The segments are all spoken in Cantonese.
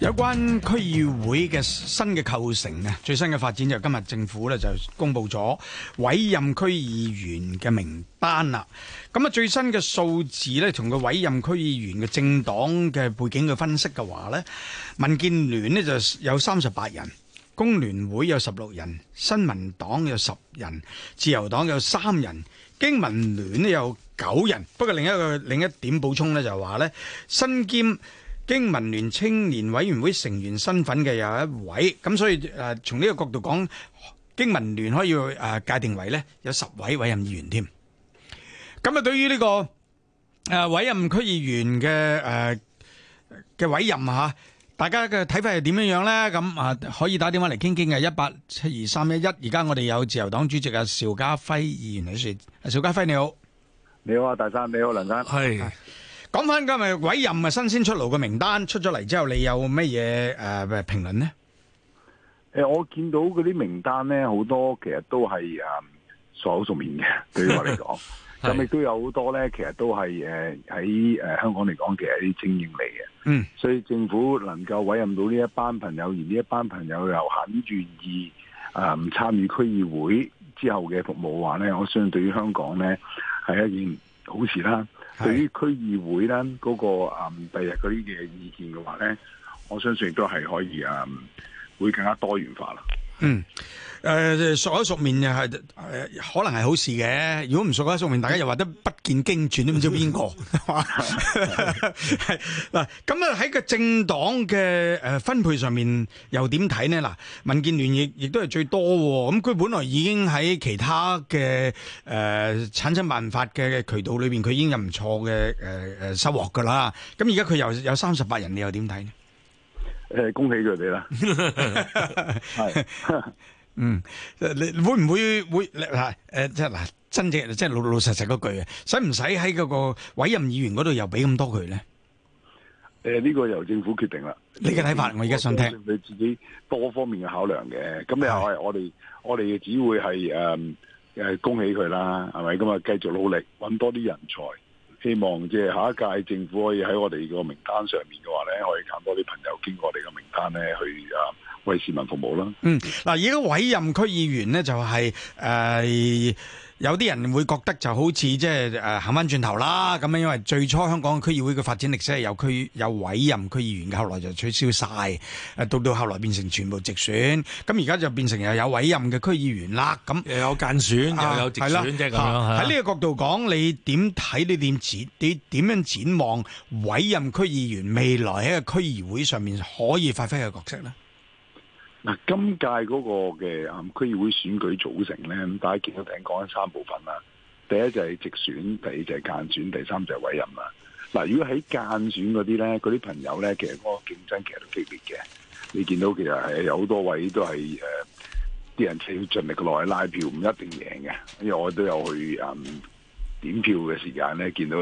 有關區議會嘅新嘅構成咧，最新嘅發展就今日政府咧就公布咗委任區議員嘅名單啦。咁啊，最新嘅數字咧，同個委任區議員嘅政黨嘅背景嘅分析嘅話咧，民建聯咧就有三十八人，工聯會有十六人，新民黨有十人，自由黨有三人，經民聯咧有九人。不過另一個另一點補充咧，就話咧身兼。經民聯青年委員會成員身份嘅有一位，咁所以誒從呢個角度講，經民聯可以誒界定為咧有十位委任議員添。咁啊，對於呢個誒委任區議員嘅誒嘅委任吓，大家嘅睇法係點樣樣咧？咁啊，可以打電話嚟傾傾嘅，一八七二三一一。而家我哋有自由黨主席阿邵家輝議員女士，邵家輝你好，你好啊，大山你好，梁生係。講翻今日委任啊新鮮出爐嘅名單出咗嚟之後，你有乜嘢誒評論咧？誒，我見到嗰啲名單咧，好多其實都係誒熟口熟面嘅，對於我嚟講，咁 亦都有好多咧，其實都係誒喺誒香港嚟講，其實啲精英嚟嘅，嗯，所以政府能夠委任到呢一班朋友，而呢一班朋友又肯願意誒參與區議會之後嘅服務嘅話咧，我相信對於香港咧係一件好事啦。對於區議會咧，嗰、嗰個誒、嗯、第日嗰啲嘅意見嘅話咧，我相信都係可以啊、嗯，會更加多元化啦。嗯，誒、呃，熟口熟面又係誒，可能係好事嘅。如果唔熟口熟面，大家又話得不見經傳，都唔知邊個。嗱， 咁啊喺個政黨嘅誒分配上面又點睇呢？嗱，民建聯亦亦都係最多。咁佢本來已經喺其他嘅誒、呃、產生辦法嘅渠道裏面，佢已經有唔錯嘅誒誒收穫㗎喇。咁而家佢又有三十八人，你又點睇呢？誒，恭喜佢哋啦！係，嗯，你會唔會會嗱，誒，即係嗱，真正即係老老實實嗰句啊，使唔使喺嗰個委任議員嗰度又俾咁多佢咧？誒，呢個由政府決定啦。你嘅睇法，我而家想聽。你自己多方面嘅考量嘅，咁你係我哋，我哋只會係誒誒，恭喜佢啦，係咪？咁啊，繼續努力，搵多啲人才。希望即係下一屆政府可以喺我哋個名單上面嘅話咧，可以揀多啲朋友經過我哋嘅名單咧，去啊為市民服務啦。嗯，嗱，而家委任區議員咧就係、係、誒。呃有啲人會覺得就好似即係誒行翻轉頭啦咁樣，因為最初香港區議會嘅發展歷史係有區有委任區議員嘅，後來就取消晒，到到後來變成全部直選，咁而家就變成又有委任嘅區議員啦，咁又有間選、啊、又有直選咁，喺呢個角度講，你點睇？你點展？你點樣展望委任區議員未來喺個區議會上面可以發揮嘅角色呢？嗱，今屆嗰個嘅區議會選舉組成咧，咁大家見到頭先講咗三部分啦。第一就係直選，第二就係間選，第三就係委任啦。嗱，如果喺間選嗰啲咧，嗰啲朋友咧，其實嗰個競爭其實都激烈嘅。你見到其實係有好多位都係誒，啲、呃、人要盡力落去拉票，唔一定贏嘅。因為我都有去誒、呃、點票嘅時間咧，見到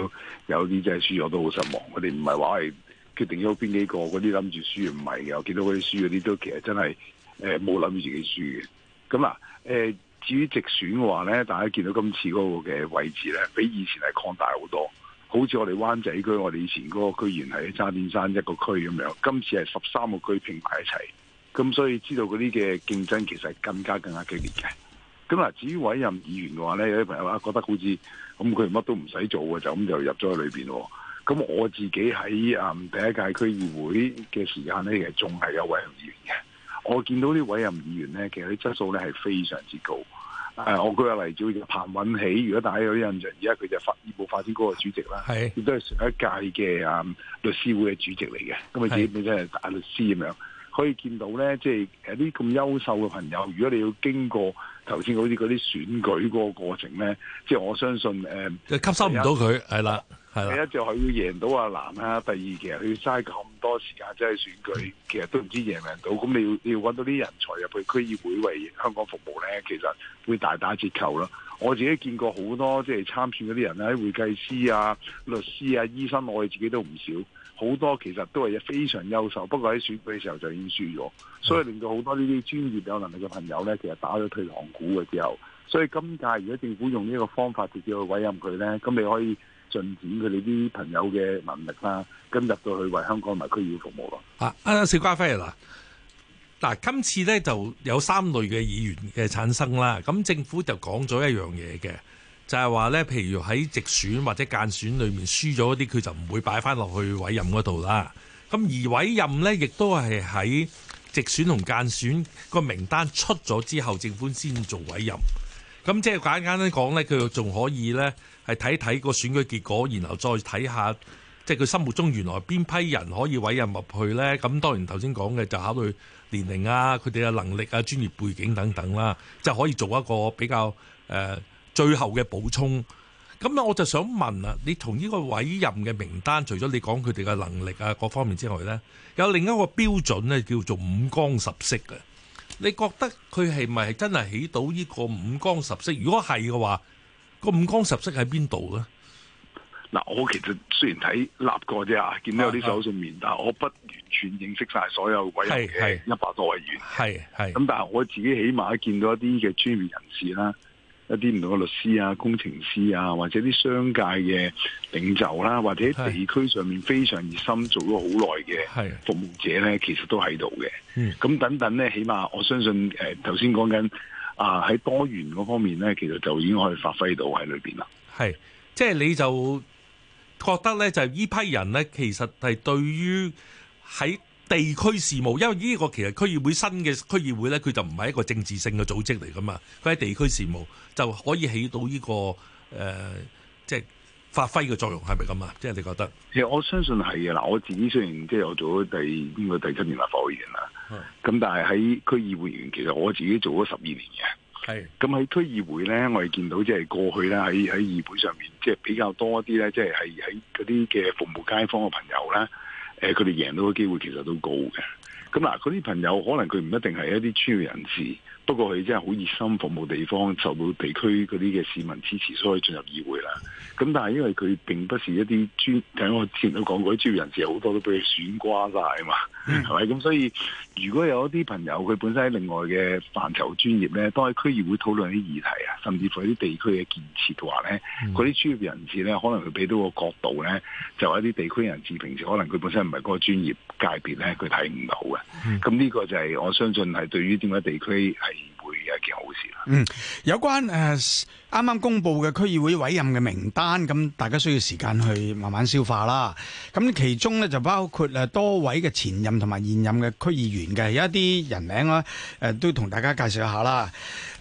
有啲真係輸咗都好失望。佢哋唔係話係，決定咗邊幾個嗰啲諗住輸唔係嘅，我見到嗰啲輸嗰啲都其實真係誒冇諗住自己輸嘅。咁啊誒，至於直選嘅話咧，大家見到今次嗰個嘅位置咧，比以前係擴大好多。好似我哋灣仔區，我哋以前嗰個居然喺渣甸山一個區咁樣，今次係十三個區拼埋一齊，咁所以知道嗰啲嘅競爭其實係更加更加激烈嘅。咁啊，至於委任議員嘅話咧，有啲朋友啊覺得好似咁佢乜都唔使做嘅，就咁就入咗去裏邊喎。咁我自己喺啊、嗯、第一屆區議會嘅時間咧，其實仲係有委任議員嘅。我見到啲委任議員咧，其實啲質素咧係非常之高。誒、呃，我舉個例子，就彭允喜。如果大家有印象，而家佢就發業務發展局嘅主席啦，亦都係上一屆嘅啊律師會嘅主席嚟嘅。咁佢自己本身係大律師咁樣，可以見到咧，即係誒啲咁優秀嘅朋友，如果你要經過頭先嗰啲嗰啲選舉嗰個過程咧，即、就、係、是、我相信誒，呃、就吸收唔到佢係啦。哎第一就係、是、要贏到阿蘭啦，第二其實佢嘥咁多時間真係、就是、選舉，其實都唔知贏唔贏到。咁你要你要搵到啲人才入去區議會為香港服務咧，其實會大打折扣咯。我自己見過好多即係、就是、參選嗰啲人咧，會計師啊、律師啊、醫生，我哋自己都唔少，好多其實都係非常優秀，不過喺選舉嘅時候就已經輸咗，所以令到好多呢啲專業有能力嘅朋友咧，其實打咗退堂鼓嘅之後，所以今屆如果政府用呢個方法直接去委任佢咧，咁你可以。進展佢哋啲朋友嘅能力啦，咁入到去為香港埋區議服務咯。啊，阿小瓜輝嗱，嗱、啊啊、今次咧就有三類嘅議員嘅產生啦。咁、嗯、政府就講咗一樣嘢嘅，就係話咧，譬如喺直選或者間選裏面輸咗啲，佢就唔會擺翻落去委任嗰度啦。咁、嗯、而委任咧，亦都係喺直選同間選個名單出咗之後，政府先做委任。咁即係簡簡單講咧，佢仲可以咧。係睇睇個選舉結果，然後再睇下即係佢心目中原來邊批人可以委任入去呢？咁當然頭先講嘅就考慮年齡啊、佢哋嘅能力啊、專業背景等等啦，就可以做一個比較誒、呃、最後嘅補充。咁我就想問啊，你同呢個委任嘅名單，除咗你講佢哋嘅能力啊各方面之外呢，有另一個標準呢叫做五光十色嘅。你覺得佢係咪真係起到呢個五光十色？如果係嘅話，那個五光十色喺邊度咧？嗱、啊，我其實雖然睇立過啫啊，見到有啲手信面，但係我不完全認識晒所有位。一百多位員，係係。咁但係我自己起碼見到一啲嘅專業人士啦，一啲唔同嘅律師啊、工程師啊，或者啲商界嘅領袖啦，或者地區上面非常熱心做咗好耐嘅服務者咧，其實都喺度嘅。咁等等咧，起碼我相信誒，頭先講緊。啊！喺多元嗰方面咧，其實就已經可以發揮到喺裏邊啦。係，即係你就覺得咧，就係呢批人咧，其實係對於喺地區事務，因為呢個其實區議會新嘅區議會咧，佢就唔係一個政治性嘅組織嚟噶嘛，佢喺地區事務就可以起到呢、這個誒、呃，即係。發揮嘅作用係咪咁啊？即係、就是、你覺得其實我相信係嘅。嗱，我自己雖然即係我做咗第邊個第七年立法會議員啦，咁、嗯、但係喺區議會員其實我自己做咗十二年嘅，係咁喺區議會咧，我哋見到即係過去咧喺喺議會上面即係、就是、比較多啲咧，即係係喺嗰啲嘅服務街坊嘅朋友咧，誒佢哋贏到嘅機會其實都高嘅。咁嗱，嗰啲朋友可能佢唔一定係一啲專業人士，不過佢真係好熱心服務地方，受到地區嗰啲嘅市民支持，所以進入議會啦。咁但係因為佢並不是一啲專，睇我之前都講過，啲專業人士好多都俾佢選瓜晒啊嘛，係咪？咁、mm. 所以如果有一啲朋友佢本身喺另外嘅範疇專業咧，都喺區議會討論啲議題啊，甚至乎一啲地區嘅建設嘅話咧，嗰、mm. 啲專業人士咧，可能佢俾到個角度咧，就係一啲地區人士平時可能佢本身唔係嗰個專業界別咧，佢睇唔到嘅。嗯，咁呢個就係我相信係對於點解地區係。有好事啦。嗯，有關誒啱啱公布嘅區議會委任嘅名單，咁大家需要時間去慢慢消化啦。咁其中咧就包括誒多位嘅前任同埋現任嘅區議員嘅，有一啲人名啦，誒、呃、都同大家介紹一下啦。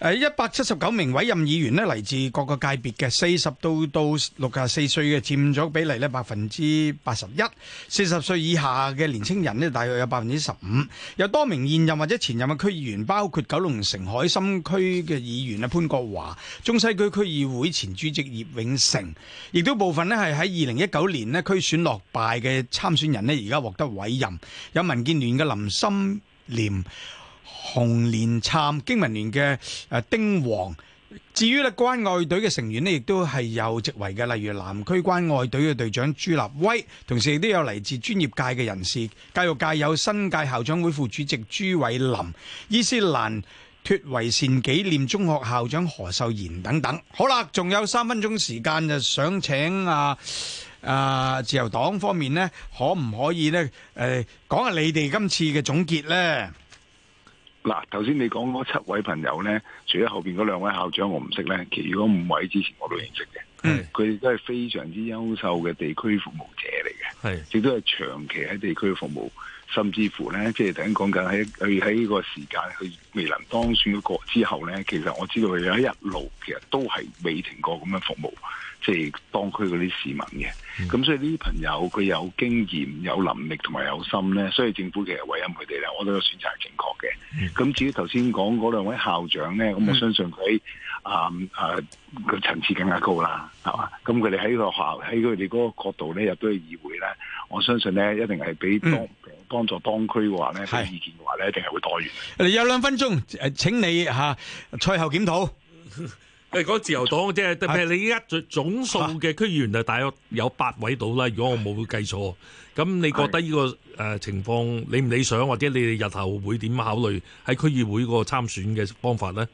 誒、呃，一百七十九名委任議員咧嚟自各個界別嘅，四十到到六十四歲嘅佔咗比例咧百分之八十一，四十歲以下嘅年青人咧大約有百分之十五，有多名現任或者前任嘅區議員，包括九龍城海心。區嘅議員啊，潘國華，中西區區議會前主席葉永成，亦都部分咧係喺二零一九年咧區選落敗嘅參選人咧，而家獲得委任有民建聯嘅林心廉、洪連燦，經民聯嘅誒丁皇。至於咧關愛隊嘅成員咧，亦都係有席位嘅，例如南區關愛隊嘅隊長朱立威，同時亦都有嚟自專業界嘅人士，教育界有新界校長會副主席朱偉林，伊斯蘭。脫維善紀念中學校長何秀賢等等，好啦，仲有三分鐘時間，就想請啊啊自由黨方面咧，可唔可以咧？誒，講下你哋今次嘅總結咧？嗱，頭先你講嗰七位朋友咧，除咗後邊嗰兩位校長我唔識咧，其餘嗰五位之前我都認識嘅，嗯，佢哋都係非常之優秀嘅地區服務者。係，亦都係長期喺地區嘅服務，甚至乎咧，即係頭先講緊喺佢喺呢個時間，佢未能當選嗰個之後咧，其實我知道佢喺一日路其實都係未停過咁樣嘅服務。即、就、係、是、當區嗰啲市民嘅，咁、嗯、所以呢啲朋友佢有經驗、有能力同埋有心咧，所以政府其實委任佢哋咧，我都有選擇係正確嘅。咁、嗯、至於頭先講嗰兩位校長咧，咁我相信佢啊，啊，佢、嗯嗯呃、層次更加高啦，係嘛？咁佢哋喺個學校喺佢哋嗰個角度咧，入到去議會咧，我相信咧一定係俾幫幫助當區嘅話咧，啲意見嘅話咧，一定係、嗯、會多元。你有兩分鐘，誒請你嚇賽、啊、後檢討。 誒，講自由黨即係，特別係你依家總總數嘅區議員就大約有八位到啦。如果我冇計錯，咁你覺得呢個誒情況理唔理想，或者你哋日後會點考慮喺區議會個參選嘅方法呢？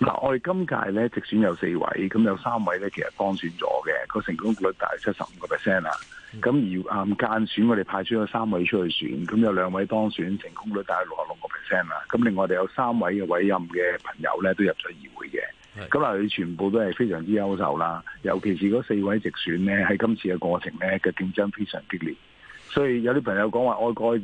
嗱，我哋今屆咧直選有四位，咁有三位咧其實當選咗嘅，個成功率大約七十五個 percent 啦。咁而暗間選我哋派出咗三位出去選，咁有兩位當選，成功率大約六十六個 percent 啦。咁另外我哋有三位嘅委任嘅朋友咧都入咗議會嘅。咁啊！佢全部都係非常之優秀啦，尤其是嗰四位直選咧，喺今次嘅過程咧嘅競爭非常激烈，所以有啲朋友講話愛國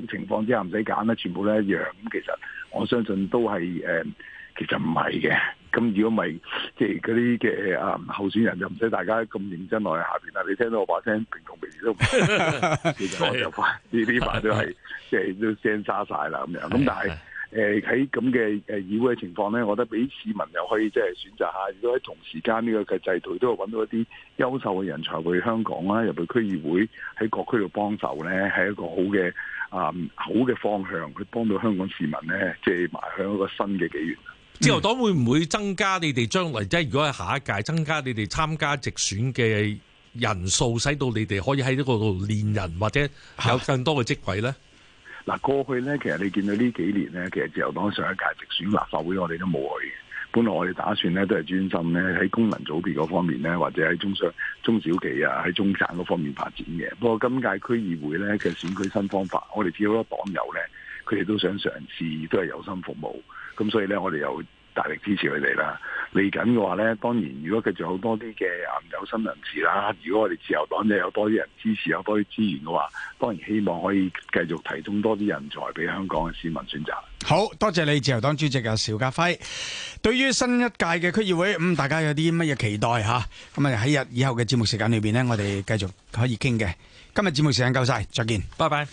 嘅情況之下唔使揀啦，全部都一樣。咁其實我相信都係、嗯、其實唔係嘅。咁如果唔係，即係嗰啲嘅啊候選人就唔使大家咁認真落去下面啦。你聽到我把聲 平平哋都，其實我就快呢啲都係即係都聲沙晒啦咁樣。咁但係。誒，喺咁嘅誒議會嘅情況咧，我覺得俾市民又可以即係選擇下，如果喺同時間呢個嘅制度，都會揾到一啲優秀嘅人才去香港啦，入去區議會喺各區度幫手咧，係一個好嘅啊、嗯、好嘅方向，去幫到香港市民咧，即係邁向一個新嘅紀元。自由黨會唔會增加你哋將來即係如果喺下一屆增加你哋參加直選嘅人數，使到你哋可以喺呢個度練人，或者有更多嘅職位咧？ 嗱，過去咧，其實你見到呢幾年咧，其實自由黨上一屆直選立法會，我哋都冇去。本來我哋打算咧，都係專心咧喺功能組別嗰方面咧，或者喺中中小企啊，喺中產嗰方面發展嘅。不過今屆區議會咧，其實選舉新方法，我哋知好多黨友咧，佢哋都想嘗試，都係有心服務。咁所以咧，我哋又大力支持佢哋啦。嚟緊嘅話呢，當然如果繼續有多啲嘅有心人士啦，如果我哋自由黨又有多啲人支持，有多啲資源嘅話，當然希望可以繼續提供多啲人才俾香港嘅市民選擇。好多謝你，自由黨主席嘅邵家輝。對於新一屆嘅區議會，咁大家有啲乜嘢期待吓？咁啊喺日以後嘅節目時間裏邊呢，我哋繼續可以傾嘅。今日節目時間夠晒，再見，拜拜。